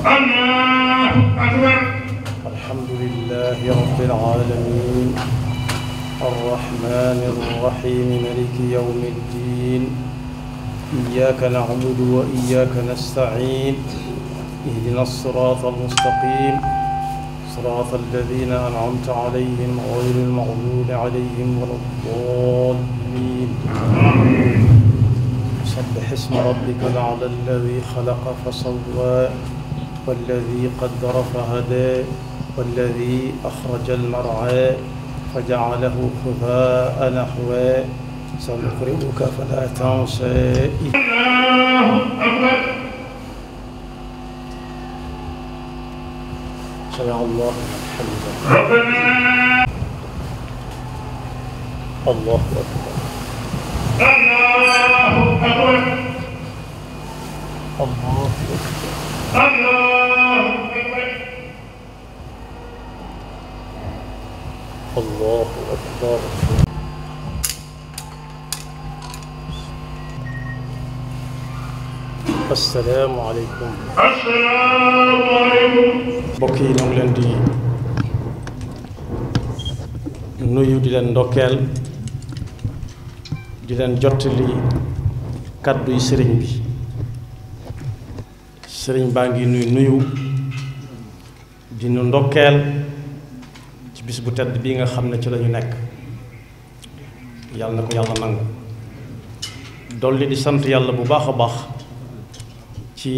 الله أكبر الحمد لله رب العالمين الرحمن الرحيم ملك يوم الدين إياك نعبد وإياك نستعين اهدنا الصراط المستقيم صراط الذين أنعمت عليهم غير المغضوب عليهم ولا الضالين سبح اسم ربك الأعلى الذي خلق فسوى والذي قدر فهدى والذي أخرج المرعى فجعله غثاء نحوا سنقرئك فلا تنسى الله أكبر سمع الله حمدا ربنا الله أكبر الله أكبر الله أكبر الله الله أكبر asalaamaaleykum. asalaamaaleykum. mbokk yi ñoo leen di nuyu di leen ndokkeel di leen jottali kàddu sëriñ bi sëriñ baa ngi nuyu nuyu di ndokkeel. bis bu tedd bii nga xam ne ci lañu nekk yàlla na ko yàlla nangu dolli di sant yàlla bu baax a baax ci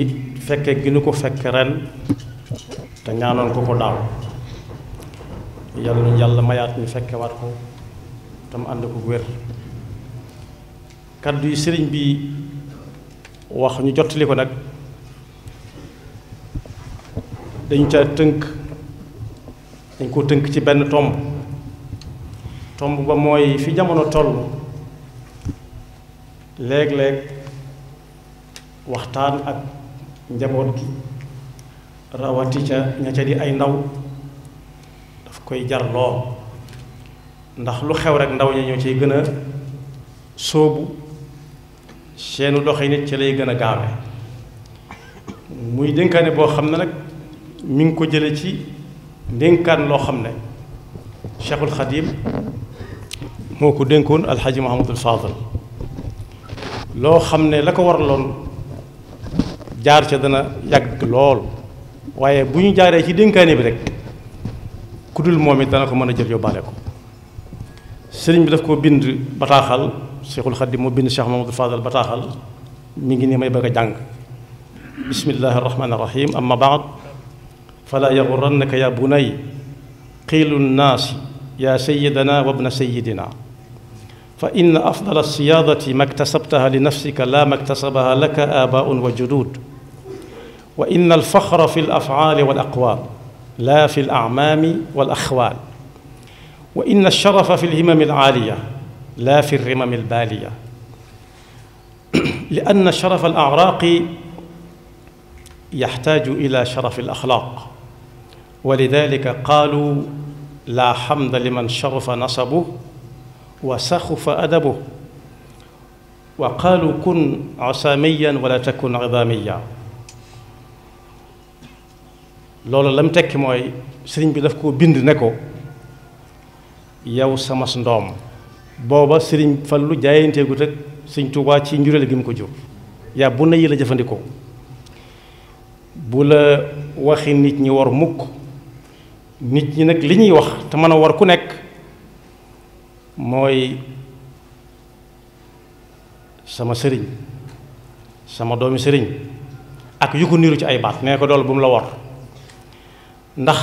fekke gi nu ko fekk ren te ñaanoon ko ko daaw yàlla yàlla mayaat ñu fekke waat ko te ànd ko wér kàddu yi sëriñ bi wax ñu jottali nag dañu ca tënk dañ koo tënk ci benn tomb tomb ba mooy fi jamono toll léeg-léeg waxtaan ak njaboot gi rawati ca ña ca di ay ndaw daf koy jar lool ndax lu xew rek ndaw ña ñoo ciy gën a sóobu seenu doxe nit ci lay gën a gaawe muy dénkaane boo xam ne nag mi ngi ko jële ci ndénkaan loo xam ne Cheikhul Khadim moo ko dénkoon alxaji Mahamadul Fadal loo xam ne la ko waraloon jaar ca dana yàgg lool waaye bu ñu jaaree ci dénkaane bi rek ku dul moom it dana ko mën a jël yóbbaale ko sëriñ bi daf ko bind bataaxal Cheikhul Khadim moo bind Cheikh Mahamadul Fadal bataaxal mu ngi nii may bëgg a jàng bismillahi amma baad fala yaxurannaka yaa bunay qiilu nnaasi yaa sayidana wabna sayidina fa inna afdal alsiyaadati ma ktasabtaha li nafsika la ma ktasabaha laka aabaun wa juduud wa inna alfaxra fi alafcaali walaqwaal la fi alacmaami walaxwaal wa inna alsharafa fi alhimami alcaaliya la fi alrimami albaaliya lianna sharafa alacraaqi yaxtaaju ila sharafi alaxlaaq walidalika qaalu laa xamda liman sharufa nasabu wa saxufa adabu wa qaalu kun asaamiyan wala takun idaamiya loolu lam tekki mooy sëriñ bi daf koo bind ne ko yow samas ndoom booba sëriñ lu jaayanteegu teg sëriñ Tuubaa ci njureel gi mu ko jur yaa bu na la jëfandikoo bu la waxi nit ñi war mukk nit ñi nag li ñuy wax te mën a war ku nekk mooy sama sëriñ sama doomi sëriñ ak yu ko niru ci ay baat nee ko dool bu mu la war ndax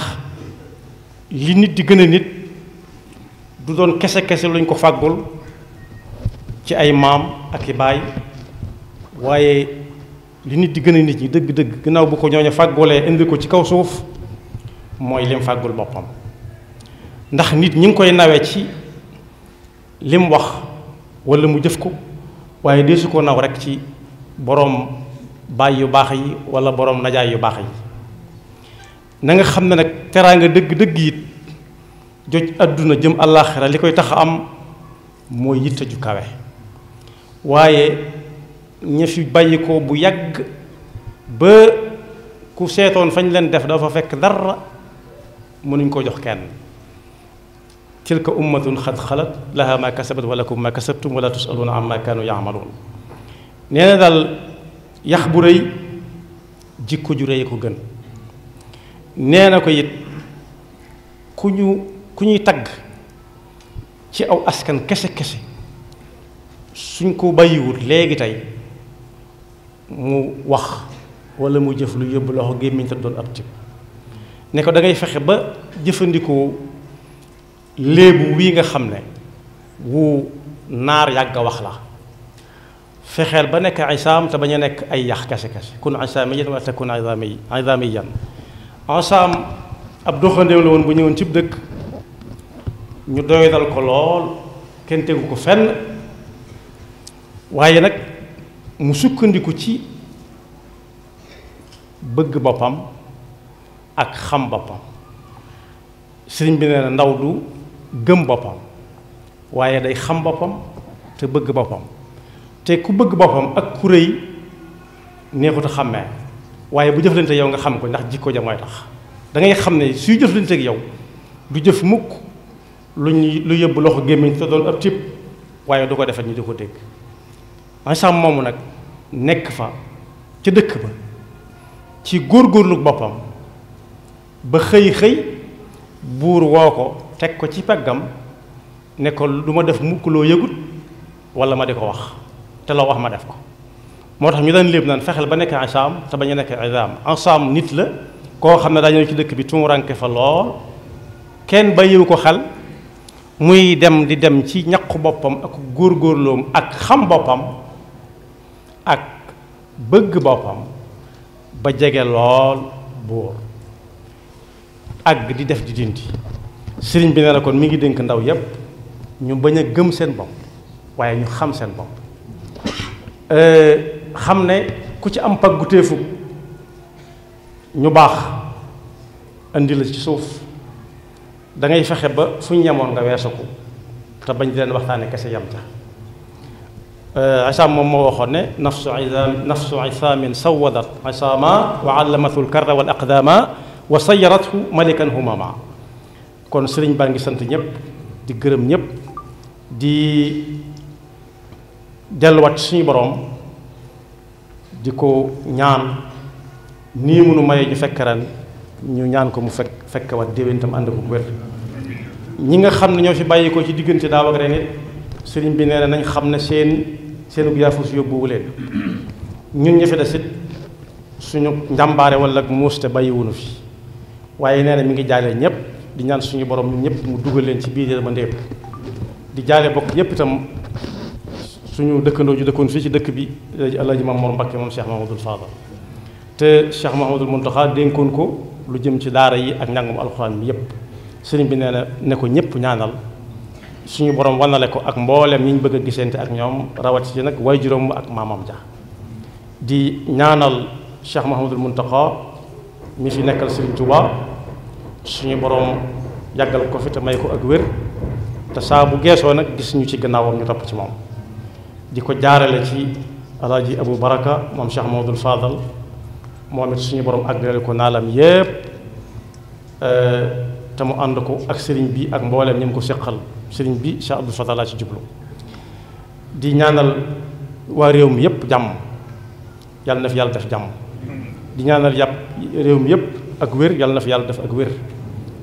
li nit di gën a nit du doon kese kese luñ ko fàggul ci ay maam ak i baay waaye li nit di gën a nit ñi dëgg-dëgg gannaaw bu ko ñooñu fàggulee indi ko ci kaw suuf mooy lim fàggul boppam ndax nit ñi ngi koy nawee ci lim wax wala mu jëf ko waaye deesu ko naw rek ci boroom baay baax yi wala boroom najaay yu baax yi nanga xam ne nag teraanga dëgg-dëgg it joj àdduna jëm àllaaxira li koy tax am mooy yitte ju kawe waaye ña fi bàyyi bu yàgg ba ku seetoon fañ leen def dafa fekk dara mënuñ koo jox kenn tilka ummatun xad xalat laha ma kasabat wa lakum ma kasabtum wala tusaluuna amma kaanu yaamaluun nee na daal yax bu rëy jikko ju rëy ko gën nee na ko it ku ñu ku ñuy tagg ci aw askan kese kese suñ ko bàyyiwut léegi tey mu wax wala mu jëf lu yóbbu loxo gémmiñ te doon ab tib ne ko da ngay fexe ba jëfandikoo léebu wii nga xam ne wu naar yàgg a wax la fexeel ba nekk isaam te ba ñu nekk ay yax kese kese kun isaamiyan wa takun izaamiyan isaam ab doxandéem la woon bu ñëwoon cib dëkk ñu doydal ko lool kenn tegu ko fenn waaye nag mu sukkandiku ci bëgg boppam ak xam boppam sëriñ bi nee na ndaw du gëm boppam waaye day xam boppam te bëgg boppam te ku bëgg boppam ak ku rëy neexut a xàmmee waaye bu jëflante yow nga xam ko ndax jikko ja mooy tax dangay xam ne suy jëflante ak yow du jëf mukk lu ñuy lu yëbb loxo gémmiñ te doon ab tibb waaye du ko defet ñu di ko dégg ansam moomu nag nekk fa ca dëkk ba ci góor góorgóorlu boppam ba xëy xëy buur woo ko teg ko ci peggam ne ko du ma def mukk loo yëgut wala ma di ko wax te loo wax ma def ko moo tax ñu daan léeb naan fexeel ba nekk ensaam te bañ a nekk ensaam ensaam nit la koo xam ne dañoo ci dëkk bi tumuranke fa lool kenn bàyyiwu ko xel muy dem di dem ci ñaqu boppam ak góorloom ak xam boppam ak bëgg boppam ba jege lool buur àgg di def di dindi sëriñ bi nee na kon mu ngi dénk ndaw yépp ñu bañ a gëm seen bopp waaye ñu xam seen bopp euh, xam ne ku ci am pag téefu ñu baax indi la ci suuf dangay fexe ba fu ñu ñamoon nga weesu ko te bañ di leen waxtaane kese yam ca euh, asaam moom moo waxoon ne nafsu nafsu isaamin sawadat isaama wa allamatul karra wal wa sayarathu malikan humama kon sëriñ baa ngi sant ñëpp di gërëm ñëpp di delluwaat suñu boroom di ko ñaan nii munu maye ñu fekk ren ñu ñaan ko mu fekk fekkewaat déwén tam ànd ko wér ñi nga xam ne ñoo fi bàyyi ci diggante daaw ak ren it sëriñ bi nee na nañ xam ne seen seenug yaafus yóbbuwu leen ñun ñi fi des suñu njàmbaare wala muus te bàyyiwunu fi waaye nee na mi ngi jaale ñëpp di ñaan suñu borom ñëpp mu dugal leen ci biir yërmande di jaale bokk ñëpp itam suñu dëkkandoo ju dëkkoon fii ci dëkk bi Alaaji Maam moom Mbakke moom Cheikh Mahamadul Fadal te Cheikh Mahamadul Muntaxa dénkoon ko lu jëm ci daara yi ak njàngum alxuraan bi yëpp sëriñ bi nee na ne ko ñëpp ñaanal suñu borom wanale ko ak mboolem ñi ñu bëgg a gisante ak ñoom rawat si nag waajuram ak maamam ja di ñaanal Cheikh Mahamadul Muntaxa mi fi nekkal Serigne Touba suñu borom yàggal ko fi te may ko ak wér te saa bu geesoo nag gis ñu ci gannaawam ñu topp ci moom di ko jaarale ci alaaji abu Baraka moom Cheikh Mamadou Fadal moom it suñu borom àggale ko naalam yépp eh, te mu ànd ko ak sëriñ bi ak mbooleem ñi mu ko seqal sëriñ bi Cheikh Abdou Fadal ci jublu di ñaanal waa réew mi yépp jàmm yàlla na fi yàlla def jàmm di ñaanal yàpp réew mi yëpp ak wér yàlla na fi yàlla def ak wér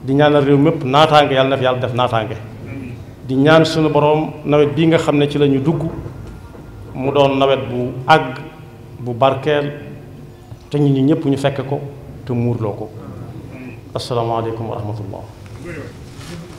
di ñaanal réew mi yëpp naataange yàlla na fi yàlla def naataange di ñaan suñu boroom nawet bii nga xam ne ci lañu dugg mu doon nawet bu àgg bu barkeel te ñun ñi ñëpp ñu fekk ko te muurloo ko asalaamaaleykum wa rahmatullah